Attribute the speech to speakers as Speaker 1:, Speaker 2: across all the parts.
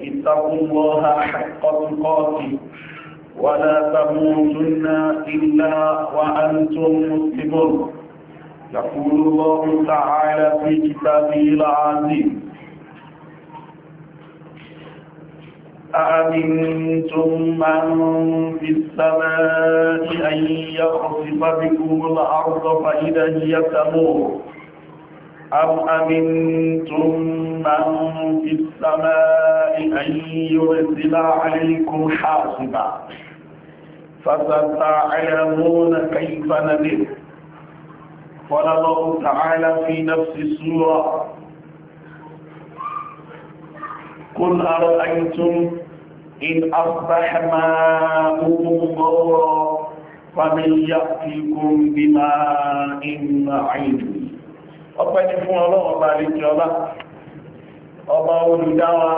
Speaker 1: اتقوا الله حق تقاته ولا تموتن إلا وأنتم مسلمون يقول الله تعالى في كتابه العظيم أأمنتم من في السماء أن يخصف بكم الأرض فإذا هي تمور أو أمنتم من في السماء أن يرسل عليكم حاصبا فستعلمون كيف نذر قال الله تعالى في نفس السورة قل أرأيتم إن أصبح ماؤكم غورا فمن يأتيكم بماء معين ọpẹ́ ni fún ọlọ́run ọba àlejò ọlá ọba olùdáwà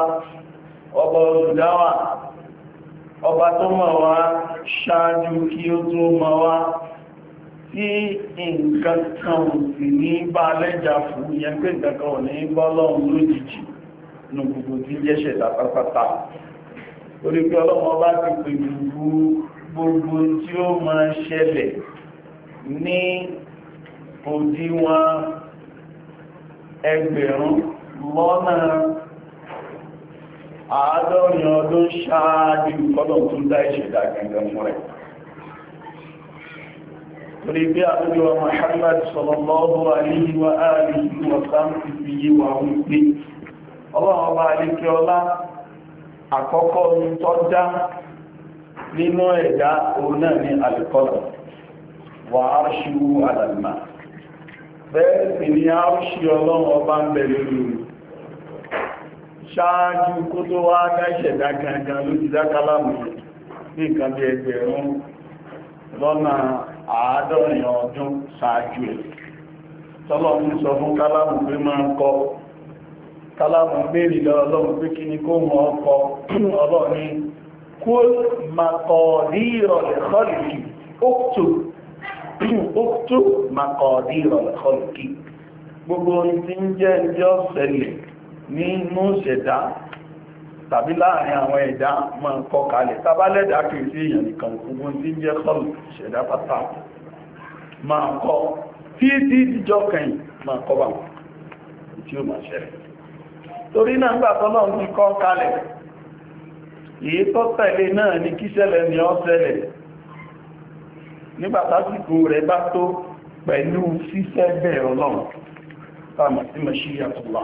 Speaker 1: ọba olùdáwà ọba tó mọ̀ wá ṣáájú kí ó tó mọ̀ wá tí nǹkan kan ò sì ní bá lẹ́jà fún yẹn pé nǹkan kan ò ní bọ́ lọ́run nù gbogbo tí jẹ́ṣẹ̀ lápapátá orí pé ọlọ́run ọba ti pè gbogbo tí ó máa ṣẹlẹ̀ ní òdiwọ̀n ẹgbẹ̀rún lọ́nà àádọ́rin ọdún ṣáájú kọ́lọ̀ tó dá ìṣẹ̀dá gangan fún rẹ̀ torí bí àtújọ Muhammad sallallahu alaihi wa alihi wa sallam fi yí wa ń pé ọlọ́run ọba alékẹ́ ọlá àkọ́kọ́ bẹ́ẹ̀ sì ni a ń ṣe ọlọ́run ọba ń bẹ̀ lórí ṣáájú kó tó wá ìṣẹ̀dá gangan ló ti dá ní nǹkan bí ẹgbẹ̀rún lọ́nà àádọ́rin ọdún ṣáájú ẹ̀ fún kálámù pé kọ kálámù lọ́lọ́run pé kí ni kó ọkọ ọlọ́run kó ókútù màkọ̀ọ̀dí ìrọ̀lẹ́kọ̀ọ́kì gbogbo ti ń jẹ́ ẹjọ́ ṣẹlẹ̀ nínú ṣẹ̀dá tàbí láàrin àwọn ẹ̀dá máa ń kọ kalẹ̀ tábálẹ̀dá kìí sí èèyàn nìkan gbogbo tí ń jẹ́ kọlù ṣẹ̀dá pátá máa ń kọ tí tí ìjọ nígbà tásìkò rẹ̀ bá tó pẹ̀lú fífẹ́ bẹ̀rẹ̀ ọlọ́run tààmà sí mẹ́ṣí àtùlá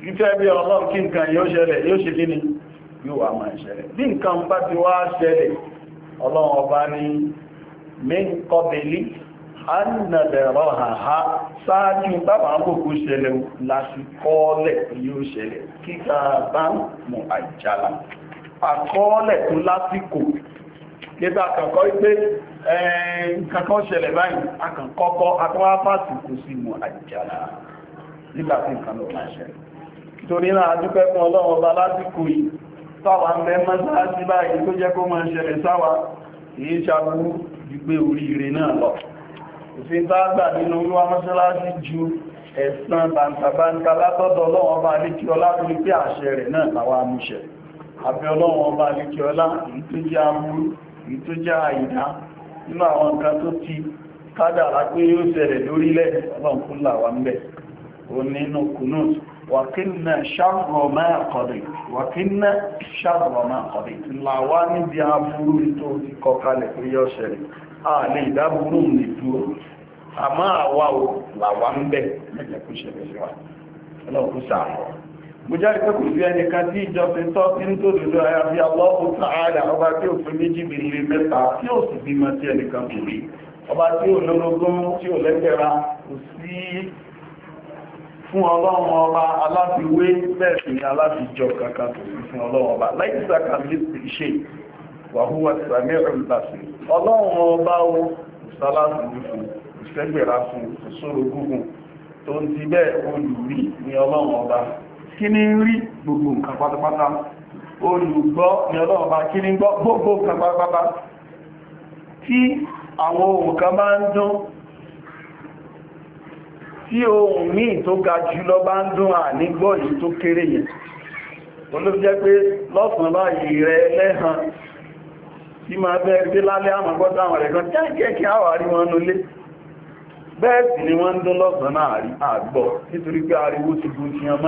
Speaker 1: fífẹ́ bí ọlọ́run kí nǹkan yóò ṣẹlẹ̀ yóò ṣe kí ni yóò wà máa ṣẹlẹ̀ bí nǹkan bá ti wá ṣẹlẹ̀ ọlọ́run ọba ní mẹ́kọ́bẹ̀lì tó lásìkò kéta àkàkọ́ pé nǹkankan ṣẹlẹ̀ báyìí àkàkọ́kọ́ kò sí àjàrà nígbà tí nǹkan ló máa ṣẹlẹ̀ torí náà adúpẹ́ fún ọlọ́run ọba lásìkò yìí sáwà ń bẹ mọ́sáàsì báyìí tó jẹ́ kó máa ṣẹlẹ̀ sáwà èyí ṣàbúrú gbígbé oríire náà lọ òfin tá gbà nínú olúwa mọ́sálásí ju ẹ̀san bàǹtàbàǹtà tó já àìdá nínú àwọn nǹkan tó ti kádàrá pé yóò ṣẹlẹ̀ lórílẹ̀ ọlọ́nkúnlà wa ń bẹ̀ ó nínú kunut wàkínà ṣàrọ̀mọ́ àkọ̀dẹ̀ wàkínà ṣàrọ̀mọ́ àkọ̀dẹ̀ tí láwá níbi aburú tó ti kọkalẹ̀ pé yóò ṣẹlẹ̀ a lè dáburú ní dúró àmọ́ àwa ò mo jáde pé kò sí ẹnìkan tí ìjọsìn tọ́ sí ní tòdòdó àyàfi Allahu Ta'ala ọba tí ó fi méjì bí lè mẹ́ta tí ó sì bímọ sí ẹnìkan kò rí ọba tí ó lórogún tí ó lẹ́gbẹ̀ra kò sí fún ọlọ́run ọba aláfiwé bẹ́ẹ̀ sì ni aláfijọ kankan kò sí fún ọlọ́run ọba láìsí àkàlẹ́ ìṣe wàhúwà sàmì ìrìnlàsì ọlọ́run ọba o sálásì kí ní rí gbogbo nǹkan pátápátá olùgbọ́ ni ọlọ́ọ̀bá kí ní gbọ́ gbogbo nǹkan pátápátá tí àwọn ohun kan bá ń dún tí ohun míì tó ga jùlọ bá ń dún à nígbọ́ yìí tó kéré yẹn olóbi pé lọ́sàn báyìí rẹ lẹ́hàn tí máa bẹ́ẹ̀ gbé lálẹ́ àmàgbọ́dá àwọn ni wọ́n ń dún lọ́sàn náà àgbọ̀ nítorí pé ariwo ti gùn ti yan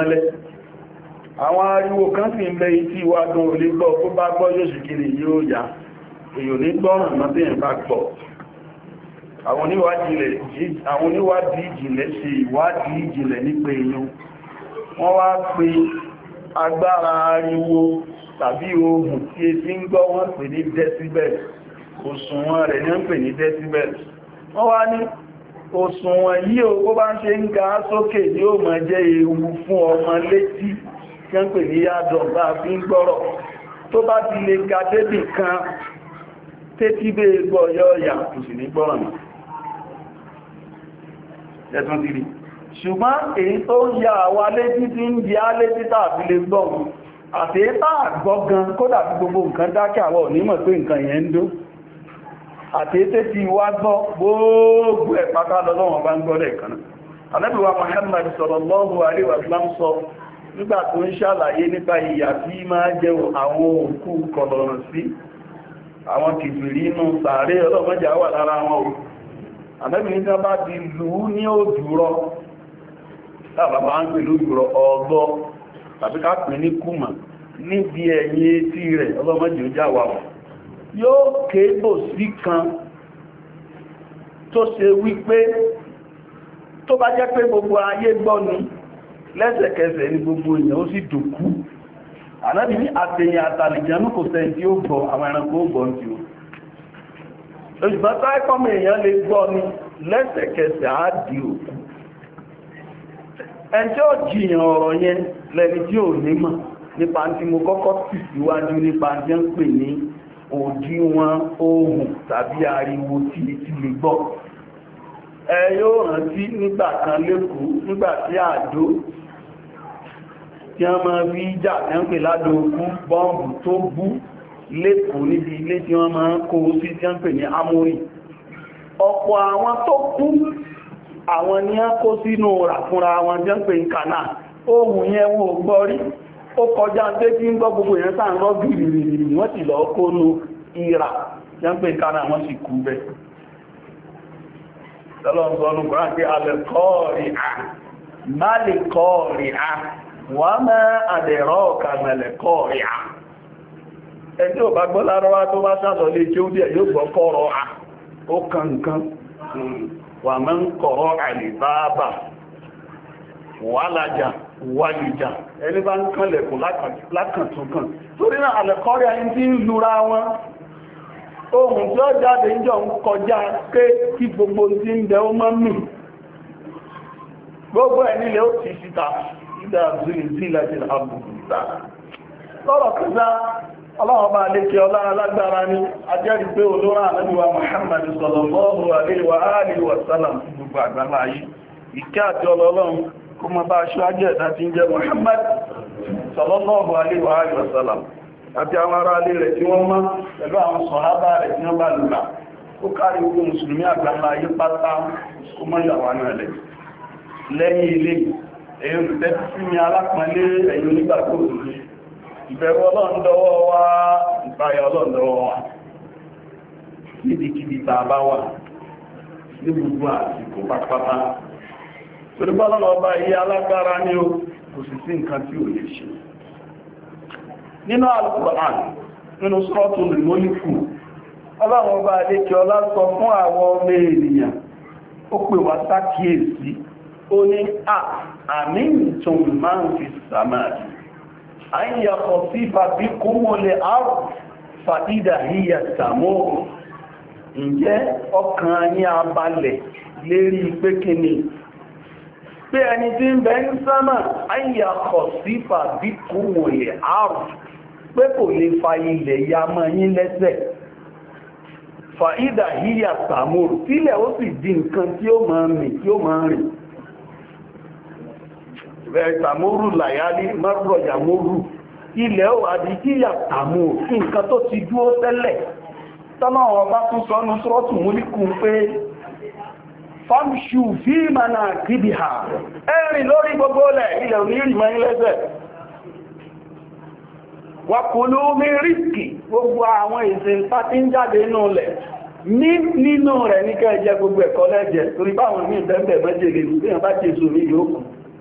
Speaker 1: àwọn ariwo kan sì ń bẹ etí wa gan ò lè gbọ́ kó bá gbọ́ yóò sì kiri yóò yá èyàn ní gbọ́ràn náà tẹ́yìn bá gbọ́ àwọn oníwádìí ìjìnlẹ̀ ṣe ìwádìí ìjìnlẹ̀ nípa èyàn wọ́n wá pè agbára ariwo tàbí ohun tí etí ń gbọ́ wọ́n pè ní decibel òṣùwọ̀n rẹ̀ ní ń pè ní decibel wọ́n wá ní òṣùwọ̀n yí o kó bá ń ṣe ń ga sókè ní ó máa jẹ́ ewu fún ọmọ létí kan pè ní yádọ̀ bá fi ń gbọ́rọ̀ tó bá ti lè ga débì kan tẹ́tí bẹ́ gbọ́ yọ́ọ̀yà kò sì ní gbọ́rọ̀ mi ẹ̀tún ti rí ṣùgbọ́n èyí tó yà wá létí tí ń di á létí tàbí lè gbọ́ àti táà gbọ́ lọ́wọ́ bá ń wa Muhammad sallallahu alaihi wasallam sọ nígbà tó ń ṣàlàyé nípa ìyà tí máa jẹ àwọn òkú kọlọ̀rọ̀ sí àwọn kìfìrí inú sàárè ọlọ́mọjà wà lára wọn o àmẹ́bìnrin tí bá di lù ú ní òjúrọ tàbàbà ń ọgbọ tàbí ká kuma ní kùmà níbi ẹ̀yìn etí rẹ̀ ọlọ́mọjà wà gbogbo lẹ́sẹ̀kẹsẹ̀ ní gbogbo èèyàn ó sì dòkú ànábì ní àtẹ̀yìn àtàlìjánú kò sẹ́ tí ó gbọ́ àwọn ẹranko ó gbọ́ tí ó òṣùgbọ́n táìkọ́mù èèyàn lè gbọ́ ni lẹ́sẹ̀kẹsẹ̀ á di òkú ẹjọ́ jìyàn ọ̀rọ̀ yẹn lẹni tí ò ní mọ̀ nípa tí mo kọ́kọ́ tì síwájú nípa jẹ́ ń pè ní òdiwọ̀n ohùn tàbí ariwo tí etí lè gbọ́ ẹ yóò rántí nígbà kan lẹ́kọ̀ọ́ nígbà tí àdó tí a máa rí jà tí wọ́n pè ládò okú bọ́ọ̀bù tó bú lẹ́kùn níbi ilé tí wọ́n máa kó sí tí wọ́n pè ní amórí ọ̀pọ̀ àwọn tó kú àwọn ni a kó sínú rà fúnra wọn jẹ́ ń pè ń kànà ohun yẹn wọ́n gbọ́ rí ó kọjá kí ń gbọ́ gbogbo sáà ń rọ́ wàmà àdẹ̀rọ̀ ọ̀kànlẹ̀ kọ́ ọ̀yà ẹni ò bá gbọ́ lárọ́wá tó bá lè kí ó díẹ̀ yóò gbọ́ kọ́rọ̀ à ó ń kọ̀rọ̀ wàlìjà ẹni bá ń kànlẹ̀kùn lákàntúnkàn torí náà ayé tí ń lura wọn ohun tí ó jáde ń jọ ń kọjá pé kí gbogbo ti ń bẹ ó gbogbo ẹni lè ó ti ìdá zílàtí àbùkùtà lọ́rọ̀ kìíná ọlọ́ọ̀bá alékẹ́ ọlá alágbára ní ajẹ́rì pé olóra ànábíwa Muhammad sallallahu alaihi wa alihi wa sallam gbogbo àgbàlá yìí ìkẹ́ àti ọlọ́lọ́run kó ma bá aṣọ ajẹ́ ẹ̀dá ti ń jẹ́ Muhammad sallallahu alaihi wa alihi wa sallam àti àwọn ará alé rẹ̀ tí wọ́n mọ́ pẹ̀lú àwọn sọ̀hábà rẹ̀ èyí olùtẹ́tí sí mi alápọ̀nlé ẹ̀yìn onígbàgbọ́ òṣèlú ìbẹ̀rù ọlọ́ndọ́wọ́ wá ìbáyà ọlọ́ndọ́wọ́ wá níbikíbi bàbá wà ní gbogbo àsìkò pápátá olùbọ́lọ́lọ́ yìí alágbára ní o kò sì sí nǹkan tí ò lè ṣe nínú al nínú sọ́ọ̀tún lèmọ́lìkù ọlọ́run ọba adékẹ́ ọlá sọ fún àwọn ọmọ ènìyàn ó pè wá ó ní à àmìntùn máa ń fi sàmáàdì a ń yàkọ̀ sí fàbí kó mọ́lẹ̀ àrùn fàídà híyà sàmóòrùn ǹjẹ́ ọkàn yín abalẹ̀ lérí pé kí ni pé ẹni tí ń bẹ ń sámà ayà kọ̀ sí fàbí kú wòlẹ̀ àrùn pé kò lè fa ilẹ̀ ya mọ́ yín lẹ́sẹ̀ fàídà híyà sàmúrù sílẹ̀ ó sì di nǹkan tí ó máa rìn tí ó máa rìn tàmúrù làyálí mọ́rọ̀ yàmúrù ilẹ̀ ò àdíjíyà tàmù nǹkan tó ti dúó tẹ́lẹ̀ tọ́lọ́wọ́ bá tún sọ́nù sọ́tù múlíkùn pé fọ́mṣù fí mànà kìbì hà ẹ̀rìn lórí gbogbo ilẹ̀ gbogbo ní nínú rẹ̀ gbogbo ẹ̀kọ́ lẹ́jẹ̀ torí ní ìbẹ̀m̀bẹ̀ mẹ́jẹ̀ lè rú bí je bá jẹ́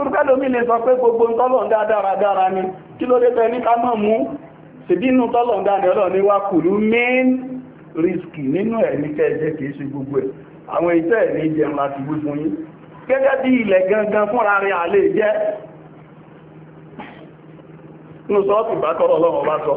Speaker 1: turukẹ́lómi lè sọ pé gbogbo tọ́lọ̀ dáadára ni kí ló dé pẹ́ ní ká mọ̀ mú ṣèbínú tọ́lọ̀ dáadára ní wá kùlú main risk nínú ẹ̀ ní kẹ́ẹ̀jẹ́ kìí ṣe gbogbo ẹ̀ àwọn ìtẹ́ ẹ̀ ní jẹun láti wí fún yín gẹ́gẹ́ bí ilẹ̀ gangan fúnra rẹ̀ àlè jẹ́ inú sọ́ọ̀tù bá kọ́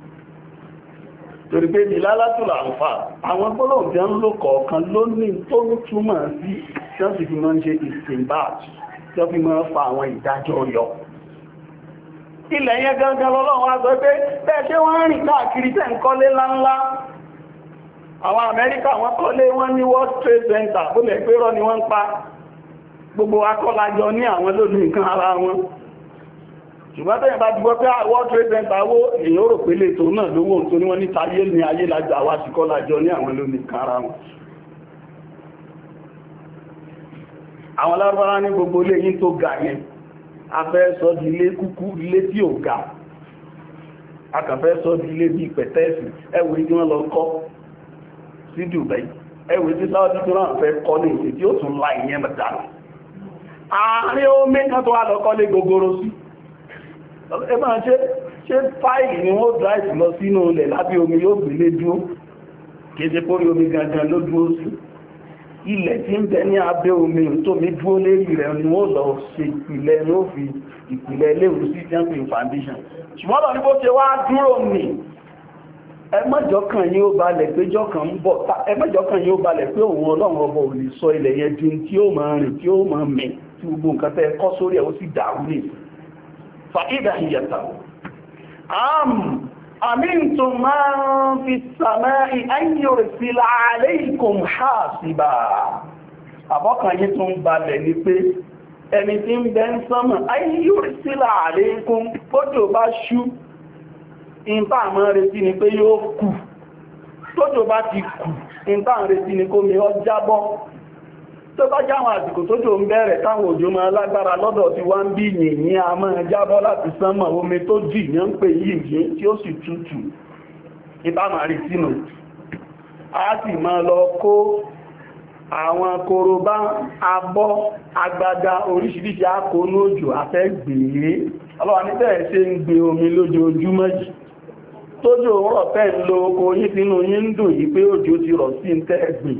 Speaker 1: torí pé ní lálátùlà àǹfà àwọn gbọ́lọ̀n jẹ́ ń lò kọ̀ọ̀kan ló ní tó ń túmọ̀ sí ṣọ́sì fi máa ń ṣe ìsìnbáàtì tó fi máa ń fa àwọn ìdájọ́ yọ ilẹ̀ yẹn gangan lọ́lọ́run aṣọ pé bẹ́ẹ̀ ṣé wọ́n rìn káàkiri tẹ́ ń kọ́lé láńlá àwọn Amẹ́ríkà wọ́n kọ́lé wọ́n ní World Trade Center bó lẹ́ pé rọ́ ni wọ́n ń pa gbogbo akọ́lájọ ní àwọn lónìí ṣùgbọ́n tẹ́yìn bá ti gbọ́ pé World Trade Center wó èyàn rò pé tó náà lówó tó ní wọ́n ní tayé ní ayé lájọ àwá ti lájọ ní àwọn olómi kára wọn àwọn ní gbogbo tó ga yẹn afẹ́ sọ di ilé kúkú ilé tí ò ga sọ di ilé bí pẹ̀tẹ́ẹ̀sì tí wọ́n lọ kọ́ sí Dubai tí fẹ́ kọ́ ní tí gogoro sí ẹ máa ṣe ṣe fáìlì ni wọ́n drive lọ sínú ilẹ̀ lábẹ́ omi yóò gbélé dúró kéde kórí omi gangan ló dúró sí ilẹ̀ tí ń bẹ ní abẹ́ omi tómi dúró lérí rẹ̀ ni wọ́n lọ ṣe ìpìlẹ̀ ní ó fi ìpìlẹ̀ iléèwé sí jumping foundation ṣùgbọ́n lọ ní bó ṣe wá dúró nì ẹmọ́jọ́kàn yóò balẹ̀ pé jọ́kàn ń bọ̀ ẹmọ́jọ́kàn yóò balẹ̀ pé òun ọlọ́run ọbọ̀ ò lè sọ ilẹ̀ yẹn di tí ó máa rìn tí ó máa mẹ́ tí gbogbo nǹkan tẹ́ kọ́ sórí ẹ̀ ó sì dàrú nìyí fàídà ìyàtà am àmìntò máa ń fi sàmà ìhányọ̀rẹ̀ sí láàrẹ́ ìkùn ha síbà àbọ́kànyí tó ń balẹ̀ ní pé ẹni tí ń bẹ ń sánmà ayíyọ̀rẹ̀ sí láàrẹ́ ìkùn kójò bá ṣú ìntà àmọ́ retí ni pé yóò kù tójò bá ti kù ìntà àmọ́ retí ni kó mi ọ jábọ́ tó bá jáwọn àsìkò tó jò ń bẹ̀rẹ̀ táwọn òjò máa lágbára lọ́dọ̀ tí wá ń bí yìnyín a máa jábọ́ láti sánmọ̀ omi tó dì ní ń pè yìnyín tí ó sì tútù ìbámarí sínú a sì máa lọ kó àwọn korobá abọ́ agbada oríṣiríṣi akónú òjò afẹ́ gbèé e. ọlọ́wà ní ṣe ń gbé omi lójoojúmọ́ yìí tójò rọ̀ fẹ́ lo oko sínú yín yìí pé òjò ti rọ̀ sí ń tẹ́ gbìn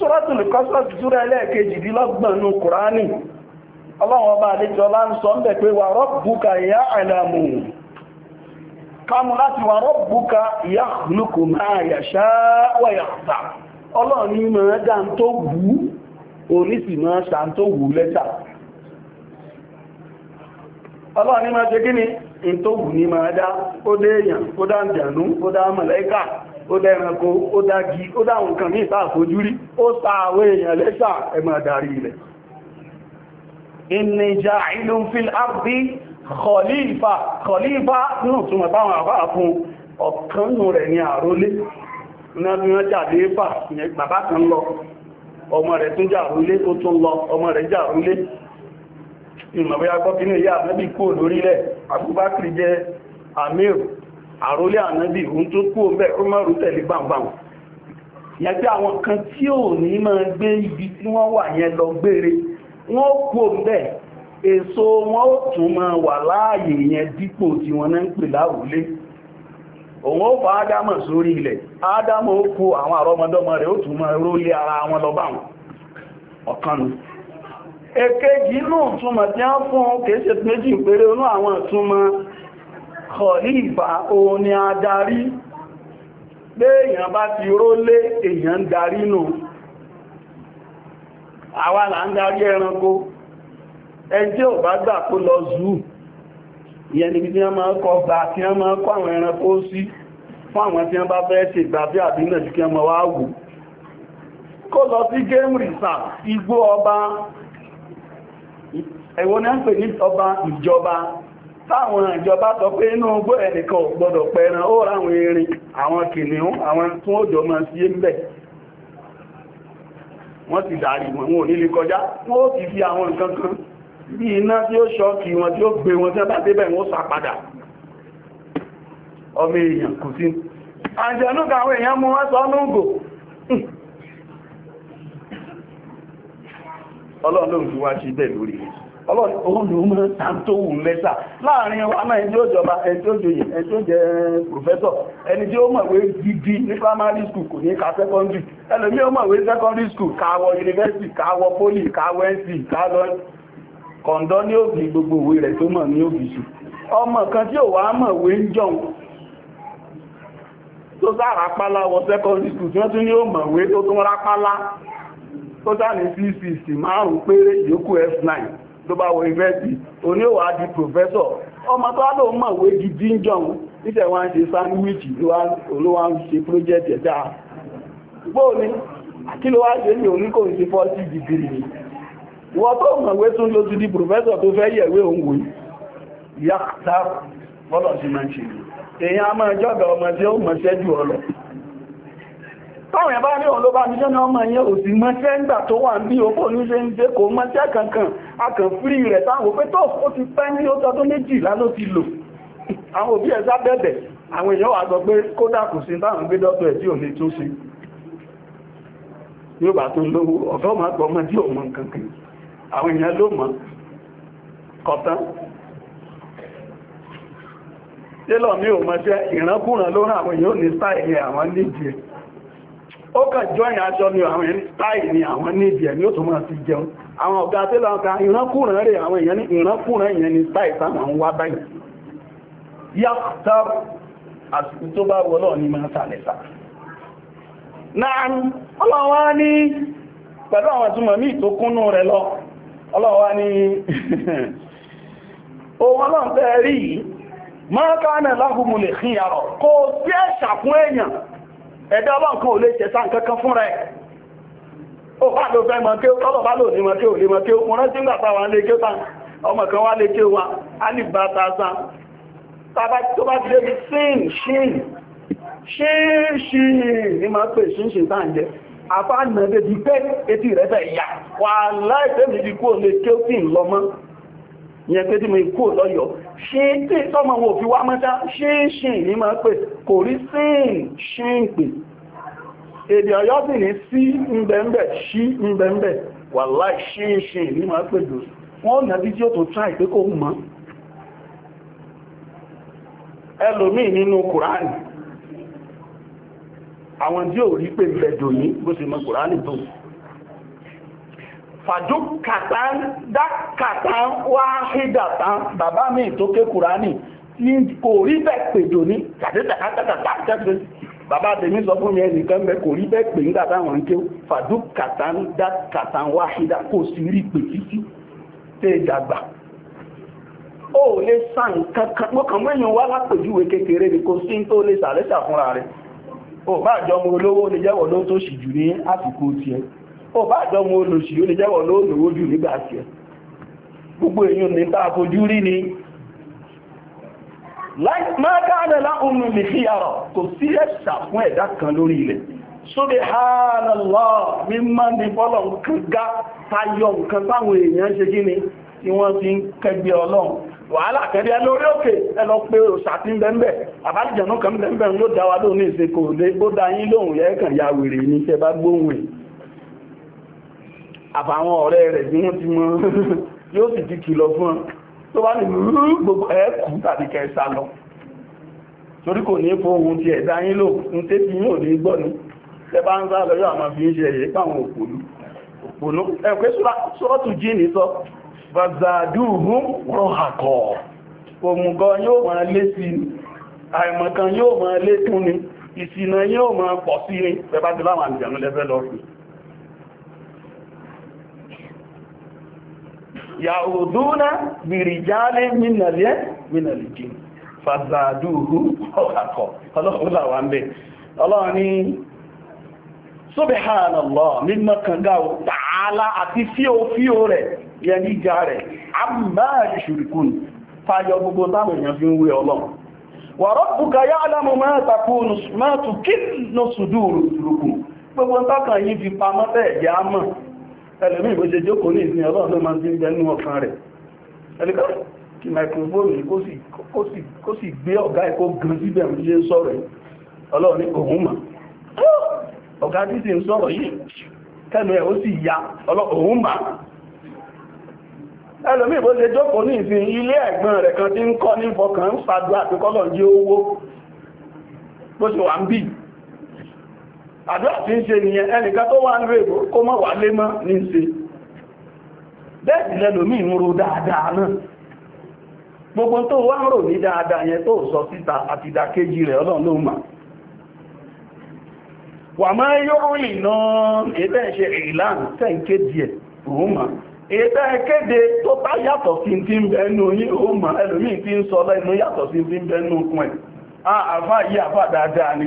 Speaker 1: suratul Qasas súra ẹlẹ́ẹ̀kejìdínlọ́gbọ̀n nínú Kùránì ọlọ́run ọba àdéjọlá ń ń bẹ̀ pé wà rọ́bùkà ìyá àlàmù kámú láti wà ya ìyá lùkù máa yàṣá wàyàṣá ọlọ́run ní ó dẹ́ranko ó dági ó dáwọn nǹkan ní ìtàkójú rí ó ta àwọn èèyàn lẹ́sà ẹmọ àdàrí rẹ̀ inni ja'ilun fil ardi khalifa khalifa nínú túnmọ̀ báwọn àbáà fún ọ̀kanú rẹ̀ ní àrólé náà bí wọ́n jáde fà bàbá kan lọ ọmọ rẹ̀ tún jàrúlé ó tún lọ ọmọ rẹ̀ jàrúlé ìmọ̀ amir àrólé ànábì ohun tó kú ọmọ ẹ̀rọmọ́rún tẹ̀lé gbàǹgbàǹ yẹn àwọn kan tí ò ní gbé ibi tí wọ́n wà yẹn lọ gbére wọ́n kú ọmọ èso wọn ó tún wà láàyè yẹn dípò tí wọ́n ń pè láwùlé òun ó fa ádámọ̀ sórí ilẹ̀ ádámọ̀ ó kú àwọn ara wọn lọ báwọn ọ̀kanu èkejì fún méjì péré inú àwọn kọ̀lífà òun ni adarí pé bá ti rólé èèyàn ń darí nù àwa là ń darí ẹranko ẹjẹ́ ò bá gbà kó lọ zoo ìyẹn níbi tí wọ́n máa kọ bá tí wọ́n máa kọ àwọn ẹranko sí fún àwọn tí wọ́n bá fẹ́ ọba ẹ̀wọ̀n náà pè ọba táwọn ìjọba sọ pé inú ogbó ẹnìkan ò gbọdọ̀ pẹran ó ráwọn erin àwọn kìnìún àwọn tún òjò mọ́ sí ẹ̀mbẹ̀ wọ́n ti dàrí wọn wọn ò nílé kọjá wọ́n ó ti fi àwọn nǹkan kan bí iná tí ó ṣọ́ọ̀kì wọn tí ó gbé wọn tí wọ́n bá débẹ̀ wọ́n sá padà ọmọ èèyàn kù sí àjẹ̀núkà àwọn èèyàn mú wọ́n sọ núgbò ọlọ́run ló ń fi wá sí bẹ́ẹ̀ lórí rẹ̀ ọlọ́run ló mọ́ tàbí mẹ́ta láàrin wa náà ẹni tí jọba ẹni tí ó jẹ ẹni tí jẹ professor ẹni tí ó mọ̀wé gidi ní primary school kò ní ka secondary ẹlòmí ó mọ̀wé secondary school káwọ nc káwọ ní òbí gbogbo òwe rẹ̀ tó mọ̀ ní òbí ọmọ kan tí wá mọ̀wé ń tó sára pálá wọ secondary school tí tó bá wọ ìfẹ́sì oní ò di professor ọmọ tó wọ́n ṣe sandwich olówá ń ṣe project ẹ̀dá gbóòní kí ló wá ṣe ní oníkò 40 degree wọ́n tó tún di professor tó fẹ́ yẹ̀wé táwọn ẹ̀bá ní ló bá níṣẹ́ náà ọmọ yẹn òsì mọ́ṣẹ́ ń gbà tó wà ní òpó ní ṣe ń jẹ́ kò mọ́ṣẹ́ kankan akàn fírí rẹ̀ táwọn òpé tó ó ti pẹ́ ní ó tọ́dún méjìlá ló ti lò àwọn òbí ẹ̀sá bẹ̀bẹ̀ àwọn èèyàn wà pé kódà kò sí gbé dọ́tọ̀ ẹ̀ tí ò tó ṣe yóò bá tó lówó mi ò àwọn èèyàn ní sáà ẹ̀yẹ àwọn nídìí ó kà ìrìn aṣọ ni àwọn ẹni táì ni àwọn ní ìdí ó tó máa fi jẹun àwọn ọ̀gá tí lọ ka ìránkúràn rẹ̀ àwọn èèyàn ní ìránkúràn ni táì sáwọn ń wá báyìí yàtọ̀ tó bá wọ́n ní máa ẹ̀dá ọlọ́run kan ò lè tẹ̀sán kankan fún rẹ̀ ó bá ló fẹ́ mọ̀ kí ó tọ́lọ̀ bá lò ní mọ̀ kí ó lè mọ̀ kí ó mọ̀ rántí ńgbà táwọn lè kí ó tán ọmọ kan wá lè kí ó wá á ní bá ta san tàbá tó bá ti lé bí sin ṣin ṣin ṣin ní máa pè ṣin ṣin tá à ṣe tí tọ́mọ̀ wò fi wá mọ́ta ṣe ń ṣìn ní máa pè kò rí sí ṣe ń pè èdè ọ̀yọ́ sì ní sí ǹbẹ̀ǹbẹ̀ sí ǹbẹ̀ǹbẹ̀ wà láì ṣe ń ṣìn ní máa pè jù wọ́n nà bí tí ó tó tán ìpé kò mọ́ ẹlòmí nínú kùránì àwọn tí ò rí yìí bó mọ kùránì tó fàdúkàtà dákàtà wá hídàtà bàbá mi tó ké kùránì ní kò rí bẹ́ẹ̀ pèjò ní tàdétàkátàkátàkátàkátà bàbá tèmi sọ fún mi ẹnìkan bẹ kò rí bẹ́ẹ̀ pè nígbà táwọn ń ké fàdúkàtà dákàtà wá hídà kò sí rí pè títí tẹ́ ìdàgbà ó lè sàn kankan mọ́kàn mẹ́yàn wá lápèjúwe kékeré ni kò sí tó lè sàrẹ́sà fúnra rẹ̀ ó bá jọmọ olówó ní jẹ́wọ̀ ló tó ṣì jù ní àsìkò tiẹ̀ ó bá àjọmọ olùsì ó lè jẹ́wọ̀ lóòlówó jù nígbà tí ẹ gbogbo èyàn ní tàà fojú rí ni máa káàlẹ̀ láhùnmù lè fi àrọ̀ kò sí ẹ̀ṣà fún ẹ̀dá kan lórí ilẹ̀ sóbi hààlọ́lọ́ mímọ́ ní fọ́lọ̀ nǹkan gá tayọ nǹkan táwọn èèyàn ṣe kí ni tí wọ́n fi ń kẹgbẹ́ ọlọ́run wàhálà kẹ́rẹ́ lórí òkè ẹlọ pé òṣàtí bẹ́ẹ̀bẹ́ àbájẹ̀nú kan bẹ́ẹ̀bẹ́ ló dáwà lónìí ìsẹ́kò lé bó dá yín lóhùn yẹ́kàn ya wèrè ní ṣẹ bá gbóhùn àfàwọn ọ̀rẹ́ rẹ̀ bí wọ́n ti mọ́ yóò sì ti kìlọ̀ fún ọ tó bá ní gbogbo ẹ̀kù tàbí kẹsà lọ torí kò ní fóhun ti ẹ̀dá yín lò ń tẹ́ ti yóò ní gbọ́ ni tẹ bá ń sá lọ yóò àmà fi ń ṣe èyí pàwọn òpònú òpònú ẹ̀kẹ́ sọ́ọ̀tù jí ní sọ bàzàdúhùn rọ̀hàkọ̀ òmùgọ̀ yóò máa lé sí ni àìmọ̀kan yóò máa lé tún ni ìsìnà yóò máa pọ̀ sí ni pẹ̀bá yàhùdúnà bìrìjálé mínàlẹ́ mínàlìjì fàzàdúhù ọ̀kàkọ̀ ọlọ́run làwà ń bẹ ọlọ́run ní subhanallah mímọ́ kànga ò tààlá àti fíòfíò rẹ̀ yẹn níjà rẹ̀ àmáàrí ṣùrìkún fàyọ gbogbo táwọn èèyàn fi ń wé ọlọ́run wa rabbuka ya'lamu ma takunu ma tukinnu suduru gbogbo tákàn yìí ẹlẹ́mí ìbò ṣe ní ìsìn ọlọ́run ló máa ń gbé ẹnu rẹ̀ ẹlẹ́kọ́ kí microphone kó sì gbé ọ̀gá ẹ̀kọ́ gan síbẹ̀ ń ṣe sọ̀rọ̀ ọlọ́run òun mà ọ̀gá tí sì ń sọ̀rọ̀ ya òun mà ẹlẹ́mí ìbò ṣe ní ìsìn ilé ẹ̀gbọ́n rẹ̀ kan ti ń kọ́ ní fọkàn ń fàdúrà pé jẹ́ àdúrà tí ń ṣe nìyẹn ẹnìkan tó wà ń rè bó kó mọ́ wà lé mọ́ ní ṣe bẹ́ẹ̀ sì lẹ́lòmí ń ro dáadáa náà gbogbo tó wá ń rò ní dáadáa yẹn tó sọ síta àti ìdàkejì rẹ̀ ọlọ́run wà máa yóò rìn náà ìlànà tó yàtọ̀ sí ti ti yàtọ̀ sí ti àfá ah, àfá dáadáa ni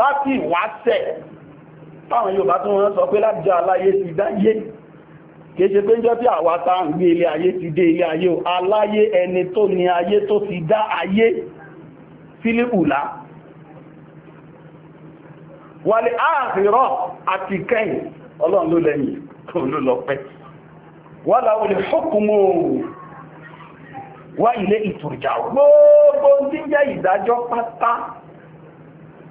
Speaker 1: láti ìwáṣẹ̀ táwọn Yorùbá tún wọ́n sọ pé láti jẹ́ aláyé ti dáyé kìí ṣe pé ń jọ tí àwa tá ń gbé ilé ayé ti dé ilé ayé o aláyé ẹni tó ní ayé tó ti dá ayé sílípùlá wàlẹ̀ ààrírọ̀ àti kẹ́yìn ọlọ́run ló lẹ́yìn tó ló lọ pẹ́ wàlá olè fọ́kùnmọ́ ilé ìtùrjà gbogbo tí jẹ́ ìdájọ́ pátá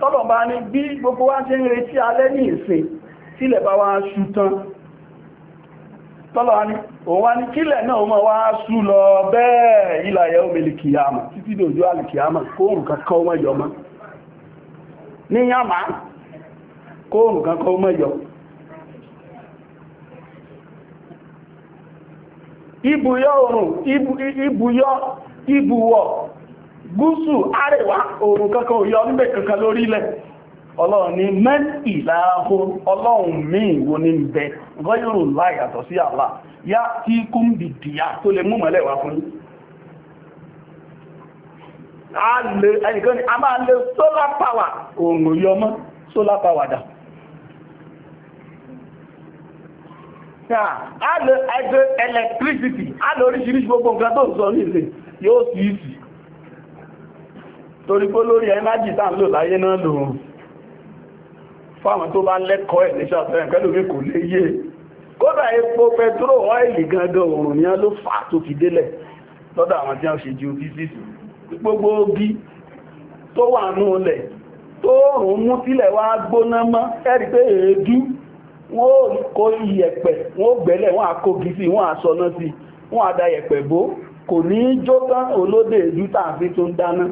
Speaker 1: tọ́lọ̀bá ní bí gbogbo wá ṣe ń a alẹ́ ní ìsìn tílẹ̀ bá wá ṣú tán tọ́lọ̀wá ní òun wá ní kílẹ̀ náà mọ́ wá ṣú lọ bẹ́ẹ̀ ìlàyẹ̀ omele kìyàmà títí dòjú alìkìyàmà kóòrùn kankan yọ gúúsù àríwá oòrùn kankan yọ níbẹ̀ kankan lórí ọlọ́run ni mẹ́n ìlàáhó ọlọ́run míì wo ní bẹ gọ́yọ̀rò láìyàtọ̀ sí Allah yá tí kún dìdìyà tó lè mú mọ́lẹ̀ wá fún ẹnìkan ni a máa lè yóò torí pé lórí ẹnájì tàà lò láyé náà lò fáwọn tó bá lẹ́kọ̀ọ́ ẹ̀ níṣà tẹ́rẹ̀ pẹ́lú mi kò lè yé kódà epo pẹtró ọ́ìlì gangan òrùn ni wọ́n ló fà á tó fi délẹ̀ lọ́dọ̀ àwọn tí wọ́n ṣe ju fífíìsì gbogbo ogi kò ní jó olóde èédú tààfin tó ń dáná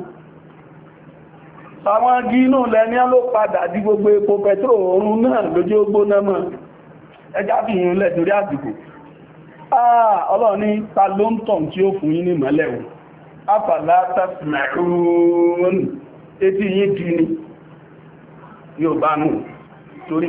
Speaker 1: àwọn agi inú lẹ́ní ló padà dí gbogbo epo petro oòrùn náà lójú gbóná mọ́ ẹjá fi yìí lẹ̀ torí àsìkò àà ah, ọlọ́run ní ta ló ń tàn tí ó fún yín ní mọ́lẹ̀ o afàlá tasma'un etí ni yóò bá nù torí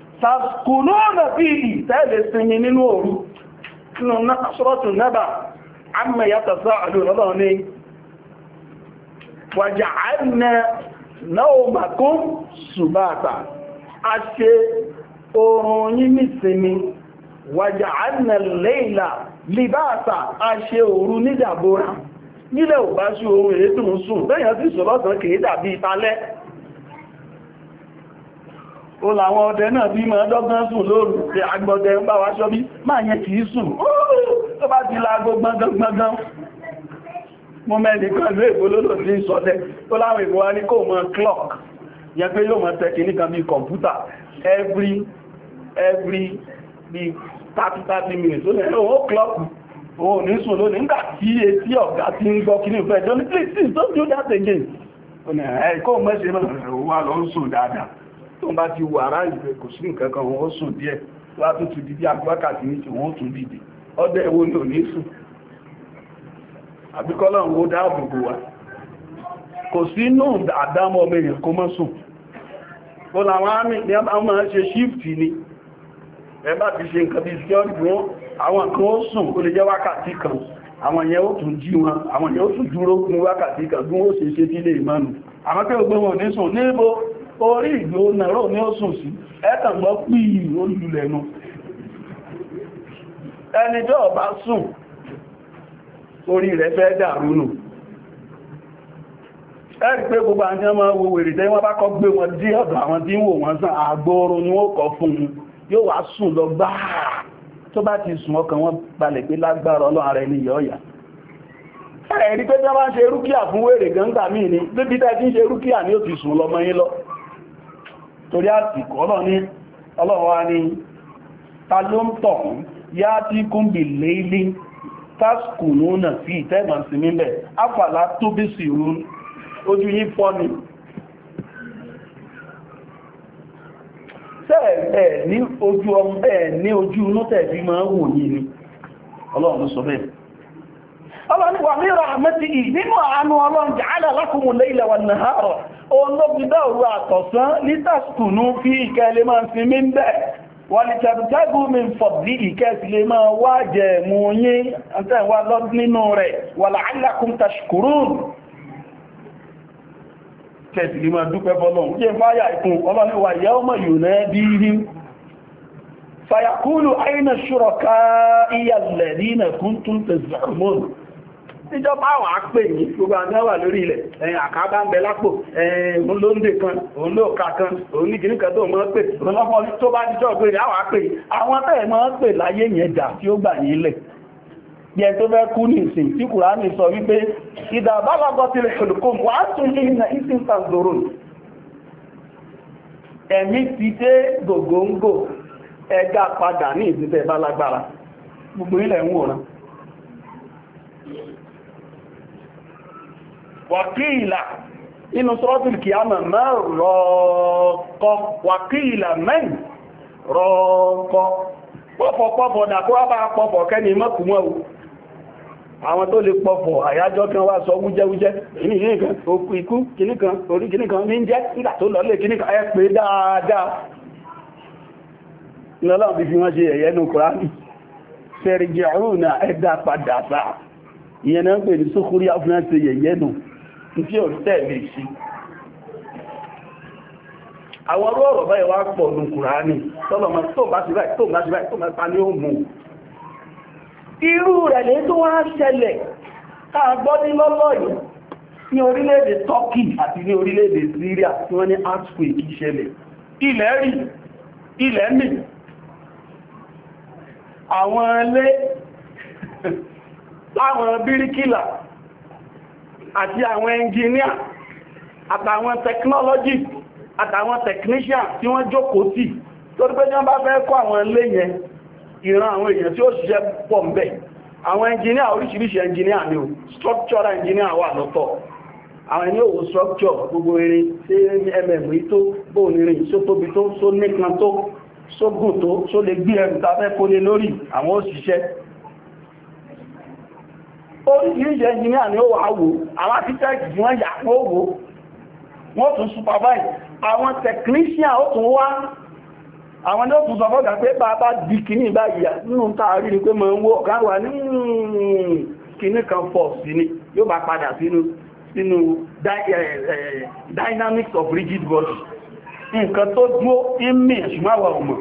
Speaker 1: tàkùnú ọ̀nà bí i tẹ́lẹ̀ sinmi nínú òru nínú sọ́rọ̀tù nẹ́bà àmì yàtọ̀ sáàlù lọ́lọ́ ní wàjà àìmẹ́ náà màkún ṣùgbàtà a ṣe oorun yí ní sinmi wàjà a ṣe òru nídàbóra nílẹ̀ ò bá ṣe ó làwọn ọdẹ náà bí mọ́ dọ́gbọ́n sùn lóòrù tí agbọ́dẹ ń bá wá ṣọ́bí máa yẹn kìí sùn tó bá ti láago gbọ́ngbọ́ngbọ́n mo mẹ́ni kan ló èbó lóòrò sí ìṣọ́dẹ tó láwọn èbó wá ní kò mọ́ clock yẹn pé yóò mọ́ tẹkìní kan bí kọ̀mpútà every every bí 30-30 minutes ó lẹ́yìn ó clock òun ní sùn lónìí nígbà tí etí ọ̀gá ti ń gbọ́ kìíní fẹ́ please don't do that again ó ní ẹ̀kọ́ mẹ́sẹ̀ mọ́ wà lọ sùn dáadáa tó bá ti wà ara ìgbé kò sí nǹkan kan wọ́n sùn díẹ̀ wá tó ti di bí agbákàtí ní ti wọ́n tún dìde ọdẹ ìwò ni ò ní sùn àbíkọ́lọ̀ ń wo dáàbòbò wa kò sí inú àdámọ́ ọmọ èèyàn kó mọ́ sùn kó làwọn àmì ní a ṣe ni ẹ bá ti ṣe nǹkan bí security wọn àwọn kan ó sùn ó lè jẹ́ wákàtí kan àwọn yẹn ó tún jí wọn àwọn yẹn ó tún dúró fún wákàtí kan bí wọ́n ṣe ṣe sílé ìmánu àwọn wọn ní sùn níbo orí ìlú nàró ní ọ̀sùn sí ẹ́kàngbọ́ pí olùlẹ̀nu ẹni tó bá sùn orí rẹ̀ fẹ́ dàrú nù ẹ̀rì pé gbogbo àti ọmọ wòwèrè tẹ́ wọ́n bá kọ́ wọn dí ọ̀dọ̀ àwọn tí wò wọ́n sàn àgbóoro ni kọ fún un yóò wá sùn lọ gbáà tó bá ọkàn wọn balẹ̀ pé ọlọ́run ẹ̀rí pé wọ́n ṣe rúkíà fún wèrè ni ni ó ti sùn lọ torí àsìkò ọlọ́wà ni ta ló ń tọ̀ yá tí kún bí léílé tásìkò lónà sí ìtẹ́mà sí mímẹ̀ afàlá tó bí sí rún ojú yí fọ́ ni tẹ́ẹ̀ ní ojú inú tẹ̀ẹ̀bí máa wò ní ni ọlọ́run sọ bẹ́ẹ̀ ọlọ́run wà ní ràmẹ́tì ì nínú àánú ọlọ́run jàálà lákùnmù lẹ́ilẹ̀ wà ní àárọ̀ òun ló fi dá òru àtọ̀sán lítàkùnú fi ìkẹ́lẹ̀ máa fi mí ń bẹ̀ wà ní tẹ̀bùtẹ́gù mi fọ̀dí ìkẹ́sìlẹ̀ máa wá jẹ mú yín àtẹ́wà lọ nínú rẹ̀ wà láàlákùn tashkurun kẹsìlẹ̀ máa dúpẹ́ fọ́lọ́run yẹ fáyà ìkún ọlọ́run wà yẹ́ ọmọ yìí náà bí فيقول أين الشركاء الذين كنتم تزعمون níjọba àwọn àpè ní gbogbo àdáwà lórí ilẹ̀ ẹ̀yìn àkábá ń bẹ lápò ẹ̀yìn kan òun kan òun ní kan tó mọ́ pè lọ́pọ̀ tó bá jíjọ́ àwọn àpè àwọn tẹ́ẹ̀ mọ́ pè láyé yẹn jà tí ó gbà lẹ̀ yẹ tó fẹ́ kú ní ìsìn tí kùránì sọ wípé ti rẹ̀ wà tún ní ìnà ìsìn ẹ̀mí ti dé gògóńgò wàkíìlà inú sọ́rọ̀tìlì kìyàmà mẹ́rọ̀ọ́kọ́ wàkíìlà mẹ́rin rọ́ọ̀kọ́ pọ́pọ̀ pọ́pọ̀ dàkúrà bá pọ́pọ̀ kẹ́ni mọ́kùnmọ́ àwọn tó lè pọ̀fọ̀ àyájọ́ kan wá sọ wújẹ́wújẹ́ ìní ìrìnkan òkú ikú kìníkan orí kìníkan ní jẹ́ nígbà tó lọ́lẹ̀ kìníkan ẹ pé dáadáa lọ́lọ́run bí fi wọ́n ṣe ẹ̀yẹ́ ní kùránì fẹ́rìjẹ̀ ọ̀rùn náà ẹ̀dá padà sáà ìyẹn náà pè ní sókúrí afúnáṣe yẹ̀yẹ́ náà tí ò tẹ̀lé sí àwọn ọ̀rọ̀ ọ̀rọ̀ báyìí wá pọ̀ ní Kùránì tọ́lọ̀mọ́ tó bá sí báyìí tó bá sí báyìí tó bá sí báyìí tó bá sí irú rẹ̀ lè tó wá ṣẹlẹ̀ káàgbọ́dí lọ́lọ́ yìí ní orílẹ̀-èdè Turkey àti ní orílẹ̀-èdè Syria tí láwọn bíríkìlà àti àwọn ẹnjìníà àtàwọn technology àtàwọn technician tí wọ́n jókòó tì torí pé jọba fẹ́ kọ́ àwọn ilé yẹn ìran àwọn èèyàn tí ó ṣiṣẹ́ pọ̀ ń bẹ̀ àwọn ẹnjìníà oríṣiríṣi ẹnjìníà ni o structural engineer wà lọ́tọ̀ àwọn ẹni òwò structure gbogbo irin tí mm tó bó nírin só tóbi tó só níkan tó só gùn tó só lè gbé ẹrù tafẹ́ kó lé lórí àwọn òṣìṣẹ́ oríṣiríṣi ẹnjìníà ni ó wà wò àwọn architect tí wọ́n yà wọ́n wò wọ́n tún supervise àwọn technician ó tún wá àwọn ní ó tún sọfọ́gà pé bàbá di kìíní báyìí nínú tààrí ni pé mọ̀ ń wó ọ̀gá wà ní kìíní kan fọ́ sí ni yóò bá padà sínú sínú dynamics of rigid body nǹkan tó dúó ń mìí ṣùgbọ́n àwọn ọmọ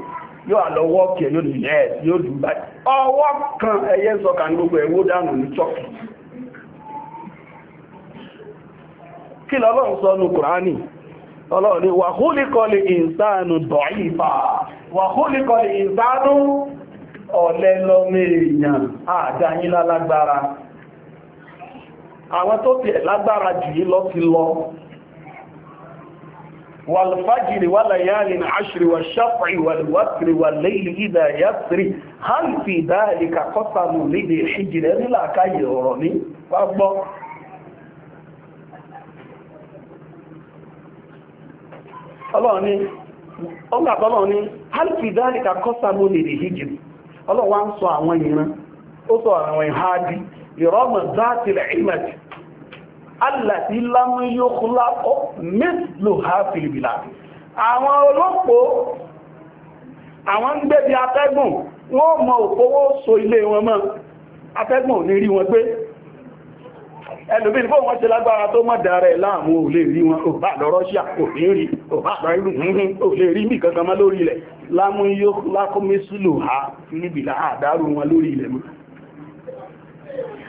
Speaker 1: yóò àlọ́wọ́ kí ẹ yóò dùn yẹ́ yóò dùn báyìí ọwọ́ kan ẹyẹ sọ́kà ní gbogbo ẹ̀wó dànù ní tọ́kì kí lọ́lọ́run sọ ní kùránì ọlọ́run ni wàhúlíkọlì ìsánù dọ̀ífà wàhúlíkọlì ìsánù ọ̀lẹ́lọ́mẹ́rìyàn àdáyínlálágbára àwọn tó ti ẹ̀ lágbára jù yí lọ ti lọ والفجر وليال عشر والشفع والوتر والليل إذا يسر هل في ذلك قسم لذي حجر لا كي يرمي فأبا Ọlọ́run ni, ọgbà tọ́lọ́run ni, hálfì dáríkà kọ́sàmù lè rí hijiri, ọlọ́wà ń sọ àwọn ìran, ó sọ àwọn ìhádìí, ìrọ́mọ̀ záàtìlẹ̀ ìmẹ̀tì, alàtí lámú yóò kúlá ọ́ mẹ́sìlò ha fìlìbìlà àwọn olóòpó àwọn ń gbé bí atẹ́gùn wọ́n mọ òpówó so ilé wọn mọ́ atẹ́gùn ò ní rí wọn gbé ẹlòmí fún wọn ṣe lágbára tó mọ́ dára láàmú ò lè rí wọn ò bá lọ Russia ò lè rí ò bá lọ irú hùn ò lè rí mì kankan mọ́ lórí ilẹ̀ lámú yóò lákọ́mẹ́sìlò ha fìlìbìlà àdárù wọn lórí ilẹ̀ mọ́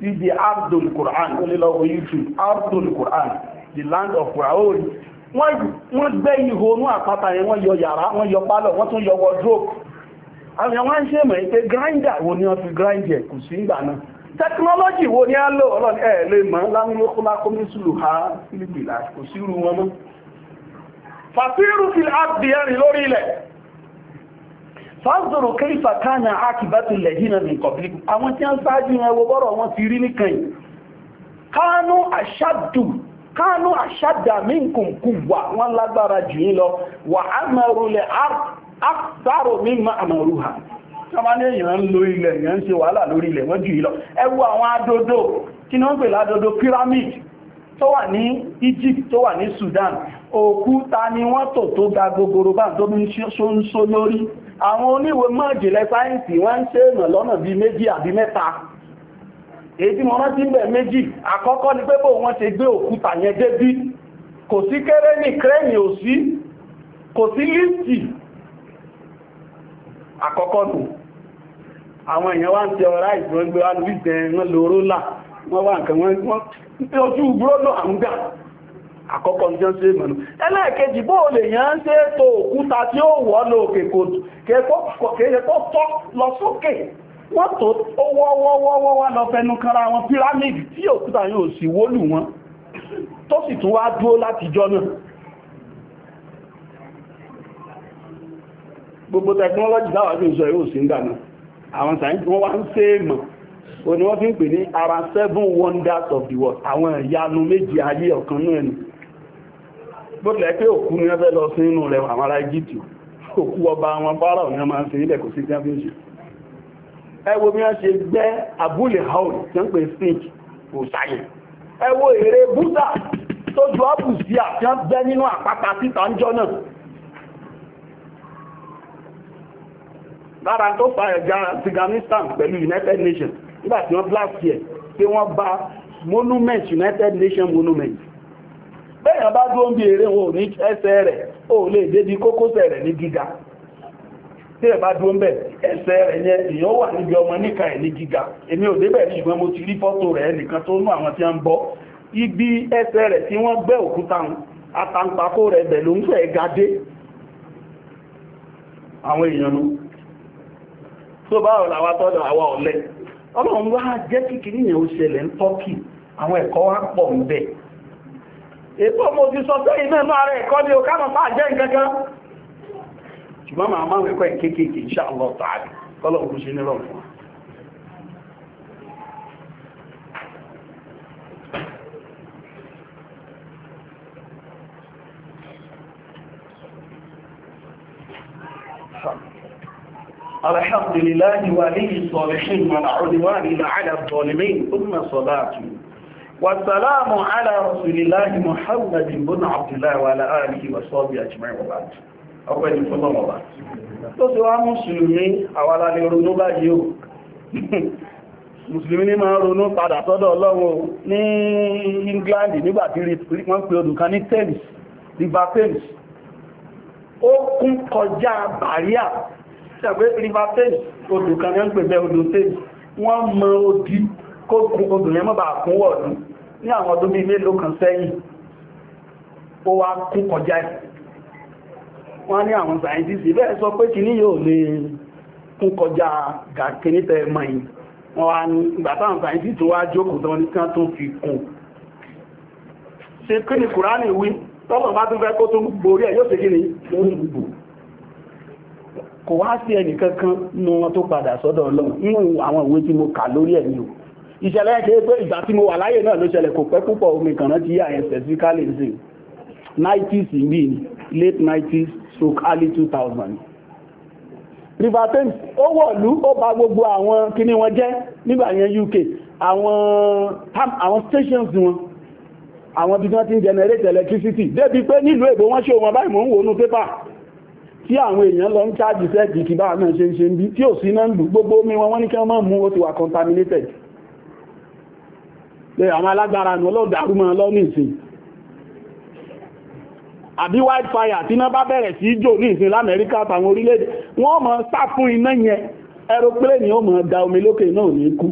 Speaker 1: see the Ardul Quran only love YouTube Ardul Quran the land of Quran wọ́n gbẹ́ ihò ní àpáta yẹn wọ́n yọ yàrá wọ́n yọ pálọ̀ wọ́n tún yọ wardrobe àwọn èèyàn ń ṣe grinder wo ni wọ́n fi grind kù sí ìgbà náà technology wo ni a lò ẹ̀ lè ní fàázọ̀rọ̀ kẹfà kánà àkìbátò lẹ̀jínà ní kọ̀bílìkù àwọn tí a ń sáájú ẹwọ bọ́rọ̀ wọn ti rí nìkan yìí kánú àṣàdù kánú àṣàdà wọn lágbára jù lọ wà á mẹ́rùlẹ̀ mímọ̀ àmọ̀rúhà ya lo lọ ewu awọn adodo òkúta ni wọ́n tò tó ga gogoro bá tó ń ṣó lórí àwọn oníwè mọ́jìlẹ̀ sáyẹ́ǹsì wọ́n ń ṣe èèyàn lọ́nà bí méjì àbí mẹ́ta èyí tí wọ́n ń bẹ̀ méjì àkọ́kọ́ ni pé bó wọ́n ṣe gbé òkúta yẹn débí kò sí kéré ní kírẹ́ẹ̀nì ò sí kò sí lífti àkọ́kọ́ nù àwọn èèyàn wá ń tẹ ọ̀rá ìgbọ́n gbé wá lórí ìtẹ̀ wọn lò rólà wọ́n wá nǹkan wọ́n ojú gbúrò lọ àwọn àkọ́kọ́ ní jẹ́ ṣe mọ̀nà ẹlẹ́ẹ̀kejì bó lè yàn ṣe tó òkúta tí ó wọ́ lọ òkè kò tọ́ lọ sókè wọ́n tó wọ́wọ́wọ́wọ́ lọ fẹnu kanra wọn pírámìdì tí òkúta yóò sì wólù wọn tó sì tún wá dúró látijọ́ náà technology dáwà sí ìṣọ́ yóò sí ń dànà àwọn sàyẹ́ǹsì wọ́n wá o ni wọ́n fi ń pè ní ara seven wonders of the world àwọn ìyanu méjì ayé ọ̀kan náà ni bó tilẹ̀ pé òkú ní ẹbẹ́ lọ sí inú rẹ̀ àwọn ará Egypt òkú ọba wọn bára òní ọmọ ṣe ilẹ̀ kò sí championship ẹ wo a wọ́n ṣe gbẹ́ abúlé hall tí ń pè stage kò sáyẹ̀ ẹ wo èrè búta tó ju ápù sí àti wọ́n gbẹ́ nínú àpáta síta ń jọ náà lára tó fa ẹ̀gá Afghanistan pẹ̀lú United Nations nígbà tí wọ́n blast yẹ pé wọ́n ba monument United Nations monument bẹ́yàn bá dúó ń bí eré ò ní ẹsẹ̀ rẹ̀ o lè débi kókósẹ̀ rẹ̀ ní gíga tí ẹ bá ń bẹ̀ ẹsẹ rẹ̀ yẹn èèyàn wà níbi ọmọ níka ẹ̀ ní gíga èmi ò débẹ̀ ní ìgbọ́n mo ti rí fọ́tò rẹ̀ nìkan tó àwọn tí ń bọ́ ibi rẹ̀ tí wọ́n gbẹ́ òkúta rẹ̀ bẹ̀ ètò mo òjú sọ pé iná náà rẹ̀ kọ́ ní ọkà máa jẹ́ nǹkankan ṣùgbọ́n máa máa rẹ̀kọ́ ìkéèkéèké insha Allah ta'ala kọ́lọ̀ òkú sí nílọ̀ fún الحمد لله ولي الصالحين والسلام على رسول الله محمد بن عبد الله وعلى آله وصحبه أجمعين وبعد ọpẹ́ ní fún ọmọ bá tó sì wá mùsùlùmí àwọn alẹ́ ronú báyìí o mùsùlùmí ní máa ronú padà sọ́dọ̀ ọlọ́run ní England nígbàtí wọ́n pè odò kan ní Thames River Thames ó kún kọjá bàríà ṣẹ̀gbẹ́ River Thames odò kan ní wọ́n pè bẹ́ odò Thames wọ́n mọ odi kó kún odò yẹn mọ́ bà kún wọ̀dún ní àwọn ọdún bí mélòó kan sẹ́yìn ó wá kún kọjá wọ́n ní àwọn sàyẹ́ntìsì bẹ́ẹ̀ sọ pé kìíní yóò lè kún kọjá gàkíní tẹ́ mọ̀ yìí wọ́n wá ní ìgbà táwọn sàyẹ́ntìsì wá jókòó tán ní kán tó fi ni kùránì wí tọ́lọ̀ bá tún fẹ́ kó tún borí wá sí tó padà sọ́dọ̀ mo kà lórí ẹ̀ ìṣẹ̀lẹ̀ ẹ̀kẹ́ pé ìgbà tí mo wà láyé náà ló ṣẹlẹ̀ kò pẹ́ púpọ̀ omi kànrá ti yà ẹ̀ specifically ń 90s ìgbì late 90s so early 2000 River Thames ó wọ̀lú ó bà gbogbo àwọn kíní wọn jẹ́ nígbà yẹn UK àwọn stations wọn àwọn bí wọ́n ti ń generate electricity débi pé nílùú èbó wọ́n ṣe òun báyìí mò ń wò ní pépà tí àwọn èèyàn lọ ń chájì sẹ́ẹ̀kì kí báwọn náà ṣe ń ṣe ń bí tí ò sí náà lù gbogbo omi wọn wọ́n ní kí wọ́n mọ́ mú ó ti wà contaminated pé àwọn alágbára nù ọlọ́dàrú mọ́ lọ́nà ìsìn àbí wildfire tí náà bá bẹ̀rẹ̀ sí jò ní ìsìn lamẹ́ríkà àtàwọn orílẹ̀-èdè wọ́n mọ̀ sá iná yẹn aeroplane ó mọ̀ da omi lókè náà ní kú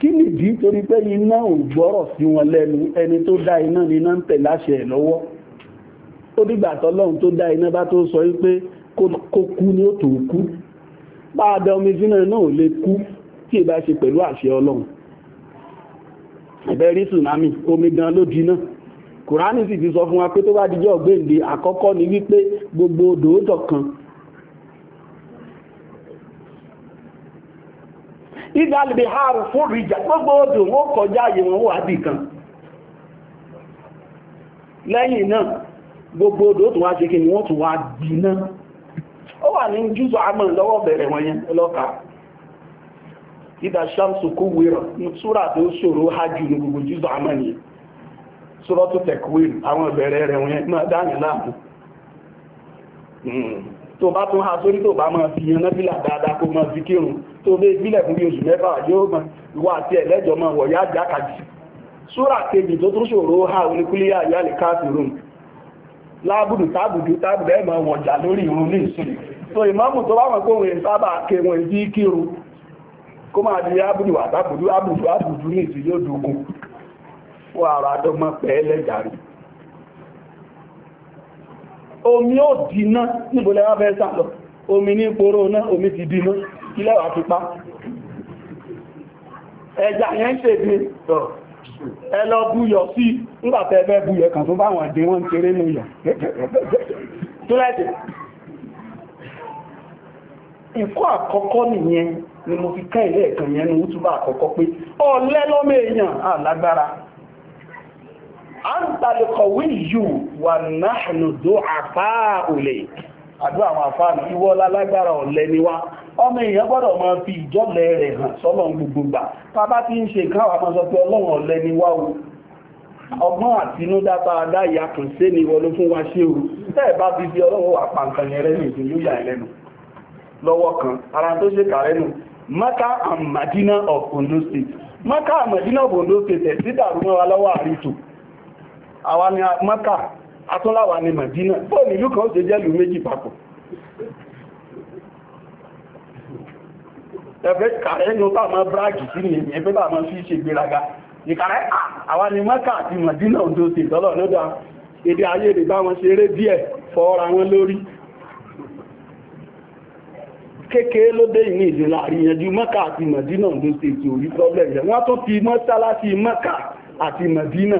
Speaker 1: kí nìdí torí pé iná ò gbọ́rọ̀ sí wọn lẹ́nu ẹni tó dá iná ni iná ń tẹ̀ láṣẹ ẹ̀ lọ́wọ́ ó dìgbà tọ́lọ́run tó dá iná bá tó sọ wípé kó kú ní ó tó kú bá a da omi sínú ẹ̀ náà ò lè kú tí ì bá ṣe pẹ̀lú àṣẹ ọlọ́run ẹ̀bẹ̀rí tsunami omi gan ló di náà kùránì sì ti sọ fún wa pé tó bá dijọ́ ọ̀gbẹ́ǹde àkọ́kọ́ ni wípé gbogbo odò ó dọ̀kan àrùn fún ríjà gbogbo odò wọ́n kọjá àyè wà bì kan lẹ́yìn náà gbogbo odò tó wá ṣe ni wọ́n wá náà ó wà ní jùsọ̀ lọ́wọ́ bẹ̀rẹ̀ ìdá ṣàmsùkú wíran ní túrà tó ṣòro hajjú ní gbogbo jízọ àmàni sọ́rọ́tù tẹ̀kwìrì àwọn ìbẹ̀rẹ̀ rẹ̀ wọ́n máa dáyìn láàmú tó bá tún ha sórí tó bá máa fi yan náfìlà dáadáa kó máa fi kírun tó lé ìbílẹ̀ fún bí oṣù mẹ́fà yóò máa ìwà àti ẹ̀lẹ́jọ máa wọ̀ yá jákàjì súrà kejì tó tún ṣòro ha oníkúlé àyà lè káàfìrún láàbùdù tábùdù tábùdù ẹ̀ máa wọ̀jà lórí ìrun ní ìsìn so ìmáàmù tó bá wọn kó wọn sábà ké wọn kírun kó máa di ábùdù àbábùdù ábùdù ábùdù ní ìsìn yóò dogun fún ara àdọ́gbọ́n pẹ̀ẹ́lẹ̀ jàrí omi ó dìná níbo lẹ́wà fẹ́ sàlọ̀ omi ní poro náà omi ti dìná kí lẹ́wà fi pa ẹja yẹn ṣe dé tọ̀ ẹ lọ búyọ̀ sí nígbàtẹ́ ẹgbẹ́ búyọ̀ kan tó báwọn dé wọ́n kéré ní ìyọ̀ tó lẹ́tẹ̀ àkọ́kọ́ nìyẹn ni mo fi kẹ́ ilé ẹ̀kan yẹn ní wútúbà àkọ́kọ́ pé ọ̀lẹ́ lọ́mọ èèyàn alágbára àǹtàlẹ̀kọ̀wé yù wà náàánù dó àfáà òlè àdó àwọn àfáà ní ìwọ́ lálágbára ọ̀lẹ́ ni wá ọmọ èèyàn gbọ́dọ̀ máa fi ìjọ́lẹ̀ rẹ̀ hàn sọ́lọ́n gbogbo gbà bàbá tí ń ṣe nǹkan àwọn sọ pé ọlọ́run ọ̀lẹ́ ni wá o ọgbọ́n àtinúdá bá a kan sí ni wọlé fún wa ṣé o bẹ́ẹ̀ bá fi fi ọlọ́run wà pàǹkan yẹn rẹ́ nìyí yóò ẹlẹ́nu lọ́wọ́ kan ara tó ṣe kàrẹ́nu Maka amadina Medina of Ondo State. Mecca and Medina of Ondo State ẹ̀ sí dàrú wa lọ́wọ́ àrítò. Àwa ni atola atúnláwà ni Medina. Bọ́ọ̀lù ìlú kan ó ṣe jẹ́lù méjì papọ̀. Ẹ̀fẹ́ kàrẹ́ ní ó bá máa bráàgì sí ni ẹ̀fẹ́ bá máa fi ṣe gbéraga. Ìkàrẹ́ àwa ni Mecca àti Medina Ondo State lọ́lọ́ lọ́dọ̀ èdè ayé ìdìbá wọn ṣeré díẹ̀ fọ́ ra wọn lórí kékeré ló dé ìní ìdílà àríyànjú mọ́kà àti mọ̀dínà ló ṣe ètò orí problem yẹn wọ́n tún ti mọ́sálásí mọ́kà àti mọ̀dínà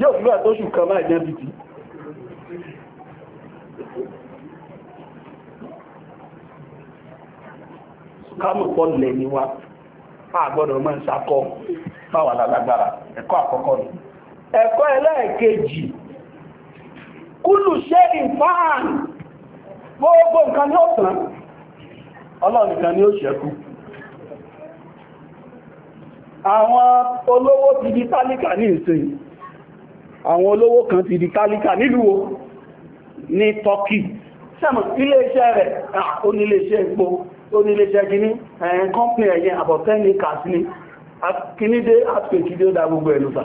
Speaker 1: yóò fífà tó ṣù kan báyìí jẹ́ bìtì kámọ̀pọ̀ lẹ̀ ní wa a gbọ́dọ̀ mọ́ ṣakọ báwà lágbára ẹ̀kọ́ àkọ́kọ́ ni ẹ̀kọ́ ẹlẹ́ẹ̀kejì kúlù ṣe ìfáàn gbogbo nǹkan ní ọ̀sán Ọlọ́run nìkan ni ó ṣẹ́kù àwọn olówó ti di tálíkà ní ìsìn àwọn olówó kan ti di tálíkà nílùú wo ní Tọ́kì sẹ́mọ̀ iléeṣẹ́ rẹ̀ oníléeṣẹ́ epo oníléeṣẹ́ gíní ẹ̀yẹn kọ́mpìnì ẹ̀yẹn àbọ̀tẹ́ni kàtí kìnídé àpèkìdé ó dá gbogbo ẹ̀lúfà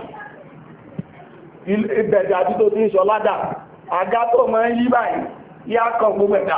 Speaker 1: ìbẹ̀dà tí tó ti ń sọ ládà àgá tó máa ń yí báyìí yá kan gbogbo ẹ̀dà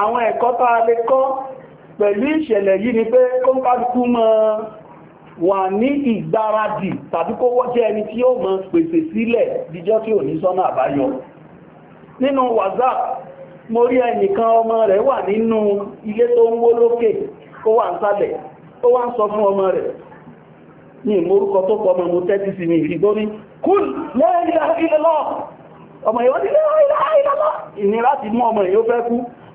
Speaker 1: àwọn ẹ̀kọ́ tá a lè kọ́ pẹ̀lú ìṣẹ̀lẹ̀ yìí ni pé kó ń kálukú mọ́ wà ní ìgbáradì tàbí kó wọ́n jẹ́ ẹni tí ó mọ́ pèsè sílẹ̀ díjọ́ tí ò ní sọ́nà àbáyọ nínú WhatsApp mo rí ẹnìkan ọmọ rẹ̀ wà nínú ilé tó ń wó lókè ó wà ń sálẹ̀ ó wá ń sọ fún ọmọ rẹ̀ ní ìmórúkọ tó pọ̀ ọmọ tẹ́tí sí mi ìrìgbó ní kúl la ilaha illallah ọmọ ìwọ́n ti la ilaha illallah ìní láti mú ọmọ èyí fẹ́ kú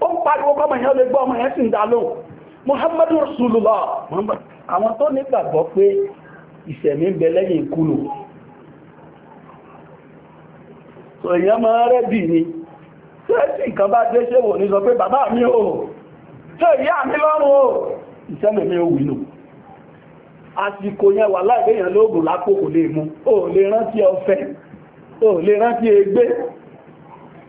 Speaker 1: ó ń pariwo kọ́mọ yẹn lè gbọ́ ọmọ yẹn sì ń muhammadu rasulullah àwọn tó nígbàgbọ́ pé ìṣẹ̀mí ń bẹ lẹ́yìn ikú so èyàn máa ni tẹ́sì nǹkan bá ṣe wò ní sọ bàbá mi ò tó ìyá mi lọ́rùn ò ìṣẹ́mẹ̀ mi ò wì nù àsìkò yẹn wà lóògùn lápò kò lè mú ò lè rántí ò lè rántí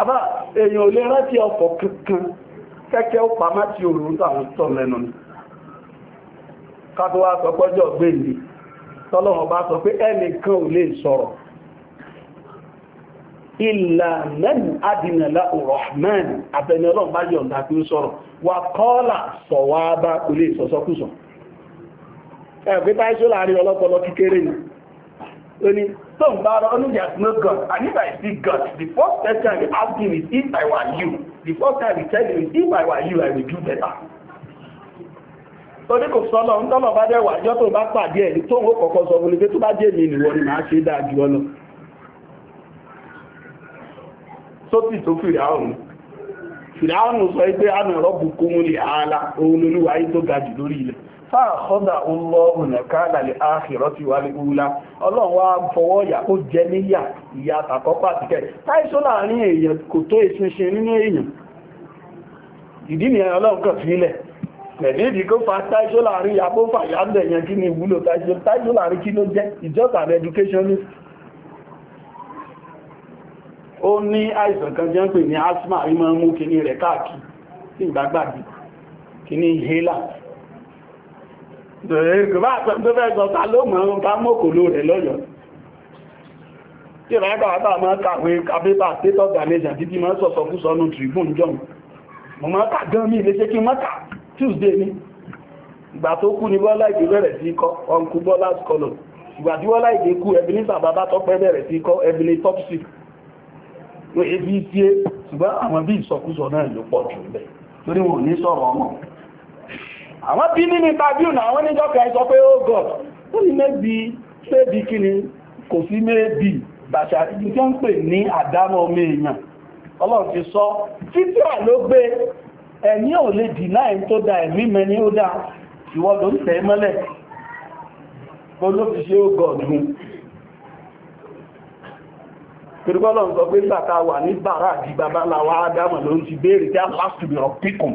Speaker 1: àbá èèyàn ò lè rántí ọkọ̀ kankan kẹ́kẹ́ ó pa máti òòrùn táwọn tọ́ lẹ́nu ni kátówá sọ pọ́jọ́ gbèǹdì tọ́lọ́wọ́ bá sọ pé ẹnìkan ò lè sọ̀rọ̀ ìlà adìnàlá ọ̀rọ̀hman abẹni bá So Mbara only there no God. And if I see God, the first question we ask him is, if I were you, the first time we tell him is, if I were you, I would do better. Torí kò sọ́lọ̀ ń tọ́lọ̀ bá wà tó bá pàdé ẹ̀ tó ń kọ̀kọ́ sọ fún ilé tó bá jẹ́ mi ni ṣe dáa ọlọ. tó fìrì sọ pé ní ààlà òun olúwa yìí tó ga jù lórí fáàkọ́dà ọlọ́ ònàkádà lè áàkìrọ́ ti wà ní wúlá ọlọ́run wá fọwọ́ ìyà ó jẹ níyà ìyà àtàkọ́pà tìkẹ́ táìsọ́ láàrin èèyàn kò tó ìsinsin nínú èèyàn ìdí nìyàn ọlọ́run kàn sílẹ̀ pẹ̀lẹ́dì kó fa táìsọ́ láàrin ìyàbó fàyàndẹ̀ yẹn kí ni ìwúlò táìsọ́ láàrin kí ló jẹ́ ìjọ́s Ìgbà eh, àpẹẹgbẹ́ fẹ́ gọta ló mọ̀ ń bá mọ́kòló rẹ̀ lọ́yọ̀ọ́ tí ìrànlẹ́gbà àbá máa kàwé kàbébà state organization títí máa sọ̀sọ̀ fún sọ́nù tribune john mo máa kà gan ní iléṣẹ́ kí mọ́ta tuesday ní ìgbà tó kú ní bọ́lá ìgbé bẹ̀rẹ̀ sí kọ́ ọkù bọ́lá skọlọ̀ ìgbà tí bọ́lá ìgbé kú ẹbìní sàbábá tọ́pẹ́ bẹ̀rẹ̀ sí kọ́ ẹbìní tọ́psì ní ebi tí ṣùgbọ́n àwọn bí ìsọkúsọ náà ló pọ̀ jù lẹ̀ torí wọn ò ní sọ̀rọ̀ ọmọ àwọn bí nínú interview náà wọ́n níjọ́ kan sọ pé oh god ó ní méjì ṣébi kí ni kò sí méjì bàṣà tí ó ń pè ní àdámọ́ ọmọ èèyàn ọlọ́run ti sọ títí à ló gbé ẹ̀mí ò lè dìná ẹ̀mí tó da ẹ̀mí mẹ́ni ó dá ìwọ ló ń tẹ̀ mọ́lẹ̀ olófiṣe ó oh gọ̀ọ̀dún pẹ̀lúgbọ́lọ́n sọ pé gbàtà wà ní bàrá àti babaláwa ádámọ̀ ló ń ti béèrè tí a lásìbìrọ̀ píkùn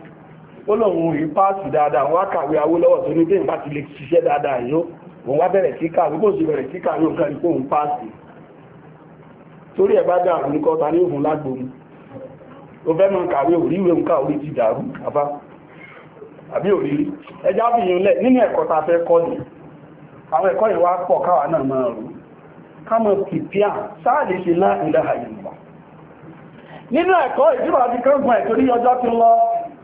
Speaker 1: ó lóun rí páàsì dáadáa wọ́n á kàwé Awólọ́wọ̀ tó ní bẹ́ẹ̀ bá ti lè ṣiṣẹ́ dáadáa yóò wọ́n wá bẹ̀rẹ̀ kíkà kàwé bó bẹ̀rẹ̀ sí kàwé páàsì torí ẹ̀ bá dá àwọn nǹkan ta ní òun ó fẹ́ kàwé ti dàrú àbí fi nínú ẹ̀kọ́ ta fẹ́ kọ́ ni àwọn ẹ̀kọ́ wá pọ̀ náà máa rú pìpíà sáàlì ṣe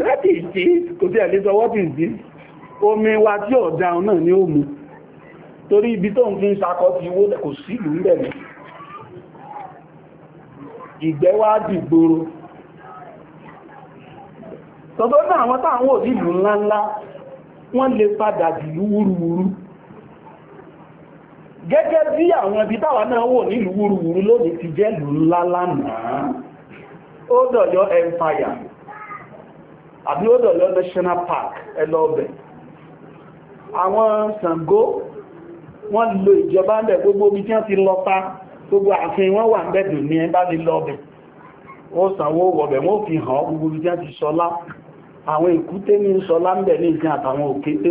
Speaker 1: láti ìdí kò tí ẹ̀lẹ́ sọ omi wa tí dáun náà ni ó torí ibi tó ń fi ń sakọ́ ti wó kò sí ìlú bẹ̀rẹ̀ ìgbẹ́ dìgboro tọ́tọ́ náà àwọn táwọn òdí ìlú ńláńlá wọ́n lè padà dìlú gẹ́gẹ́ bí àwọn ibi táwa náà wò nílùú wúruwúru lónìí ti jẹ́ ìlú ńlá lánàá ó dọ̀yọ́ empire àbí ó dọ̀lọ́ national park ẹlọ ọbẹ̀ àwọn Ṣàngó wọ́n lo ìjọba ń bẹ̀ gbogbo omi tí wọ́n ti lọ pa gbogbo ààfin wọ́n wà ń bẹ̀dù ní ẹbá lè lọ ọbẹ̀ ó sànwó wọ̀bẹ̀ wọ́n fi hàn gbogbo omi tí wọ́n ti sọlá àwọn èkúté ní sọlá ń bẹ̀ ní ìsìn àtàwọn òkété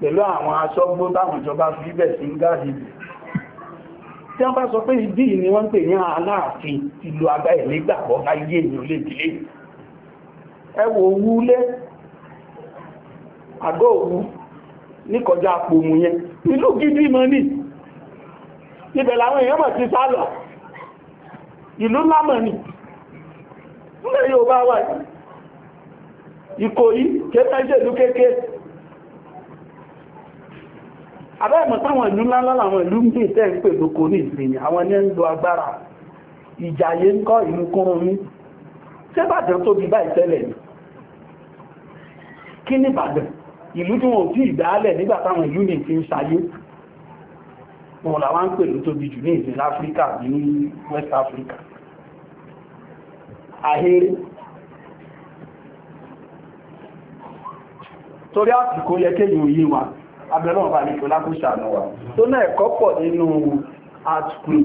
Speaker 1: pẹ̀lú àwọn aṣọ́gbó táwọn ìjọba fi bẹ̀ sí ń gáàdì tí wọ́n bá sọ pé ìdí ni wọ́n pè ní aláàfin ìlú agbáyẹ̀ nígbàgbọ́ bá yé ìlú lè dìlé ẹwọ owú lé àgọ́ òun ní kọjá àpòmù yẹn ìlú gidi mọ́ ní ibẹ̀ làwọn èèyàn mọ̀ ti sálọ ìlú lámọ̀ ní ilẹ̀ yóò bá wà Ìkòyí kéfẹ́ṣèlú kéèké abẹ́ẹ̀mọ̀ táwọn ìlú ńlá láwọn ìlú ń bí ìtẹ́ ń pè lókò ní ìsinmi àwọn ní ń lo agbára ìjàyé ń kọ́ kí ní Ìbàdàn ìlú tí wọ́n tí ìdálẹ̀ nígbà táwọn ìlú ní ti ń sayé wọn làwọn ń pè ló tóbi jù ní ìsìn Áfíríkà ní West Africa ahéré torí àsìkò yẹ kéyìn òye wa abẹ́lọ́wọ̀n bá nìkan lákúṣàánà wa tó náà ẹ̀kọ́ pọ̀ nínú art group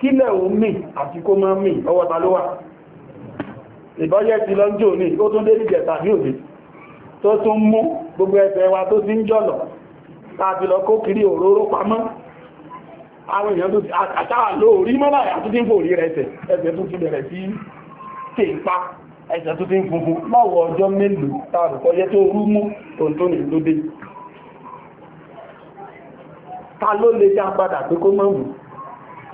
Speaker 1: kílẹ̀ ò mì àti kó máa mì ọwọ́ ta ló wà ìbọ́jẹ́ ti lọ́njọ́ ní ó tún dé nìjẹ̀ tàbí òde tó tún mú gbogbo ẹsẹ̀ wa tó sí ń jọ̀lọ̀ tàbí lọ kó kiri òróró pamọ́ àwọn èèyàn tó àtàwà lóòrí mọ́lá àtúntí ń fò rí rẹsẹ̀ ẹsẹ̀ tó ti bẹ̀rẹ̀ sí tèpa ẹsẹ̀ tó ti ń funfun láwọ̀ ọjọ́ mélòó tàbí kọjẹ́ tó rú mú tòntónì lóde ta ló lè já padà pé kó mọ́ wù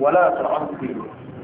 Speaker 1: ولا تعصي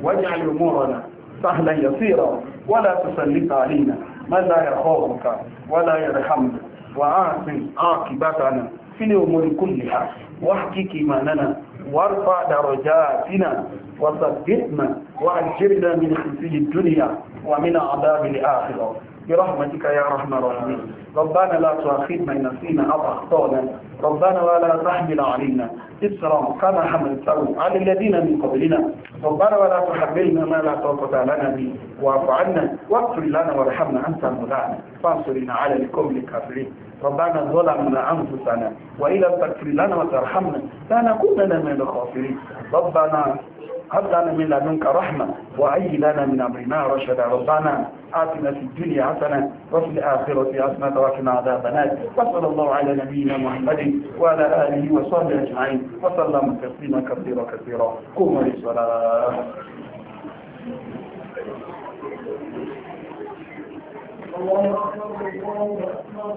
Speaker 1: واجعل أمورنا سهلا يسيرا ولا تسلط علينا من لا يخافك ولا يرحمك وعاف عاقبتنا في الأمور كلها واحكي إيماننا وارفع درجاتنا وثبتنا وأجرنا من خزي الدنيا ومن عذاب الآخرة برحمتك يا رحمة الراحمين ربنا لا تؤاخذنا إن نسينا أو أخطأنا ربنا ولا تحمل علينا إصرا كما حملته على الذين من قبلنا ربنا ولا تحملنا ما لا طاقة لنا به واعف عنا واغفر لنا وارحمنا أنت مولانا فانصرنا على القوم الكافرين ربنا ظلمنا أنفسنا وإلى تغفر لنا وترحمنا لنكونن من الخاسرين ربنا هب لنا من لدنك رحمة وعي لنا من أمرنا رشدا ربنا آتنا في الدنيا حسنة وفي الآخرة حسنة وقنا عذاب النار وصلى الله على نبينا محمد وعلى آله وصحبه أجمعين وسلم تسليما كثيرا كثيرا قوموا للصلاة الله أكبر الله أكبر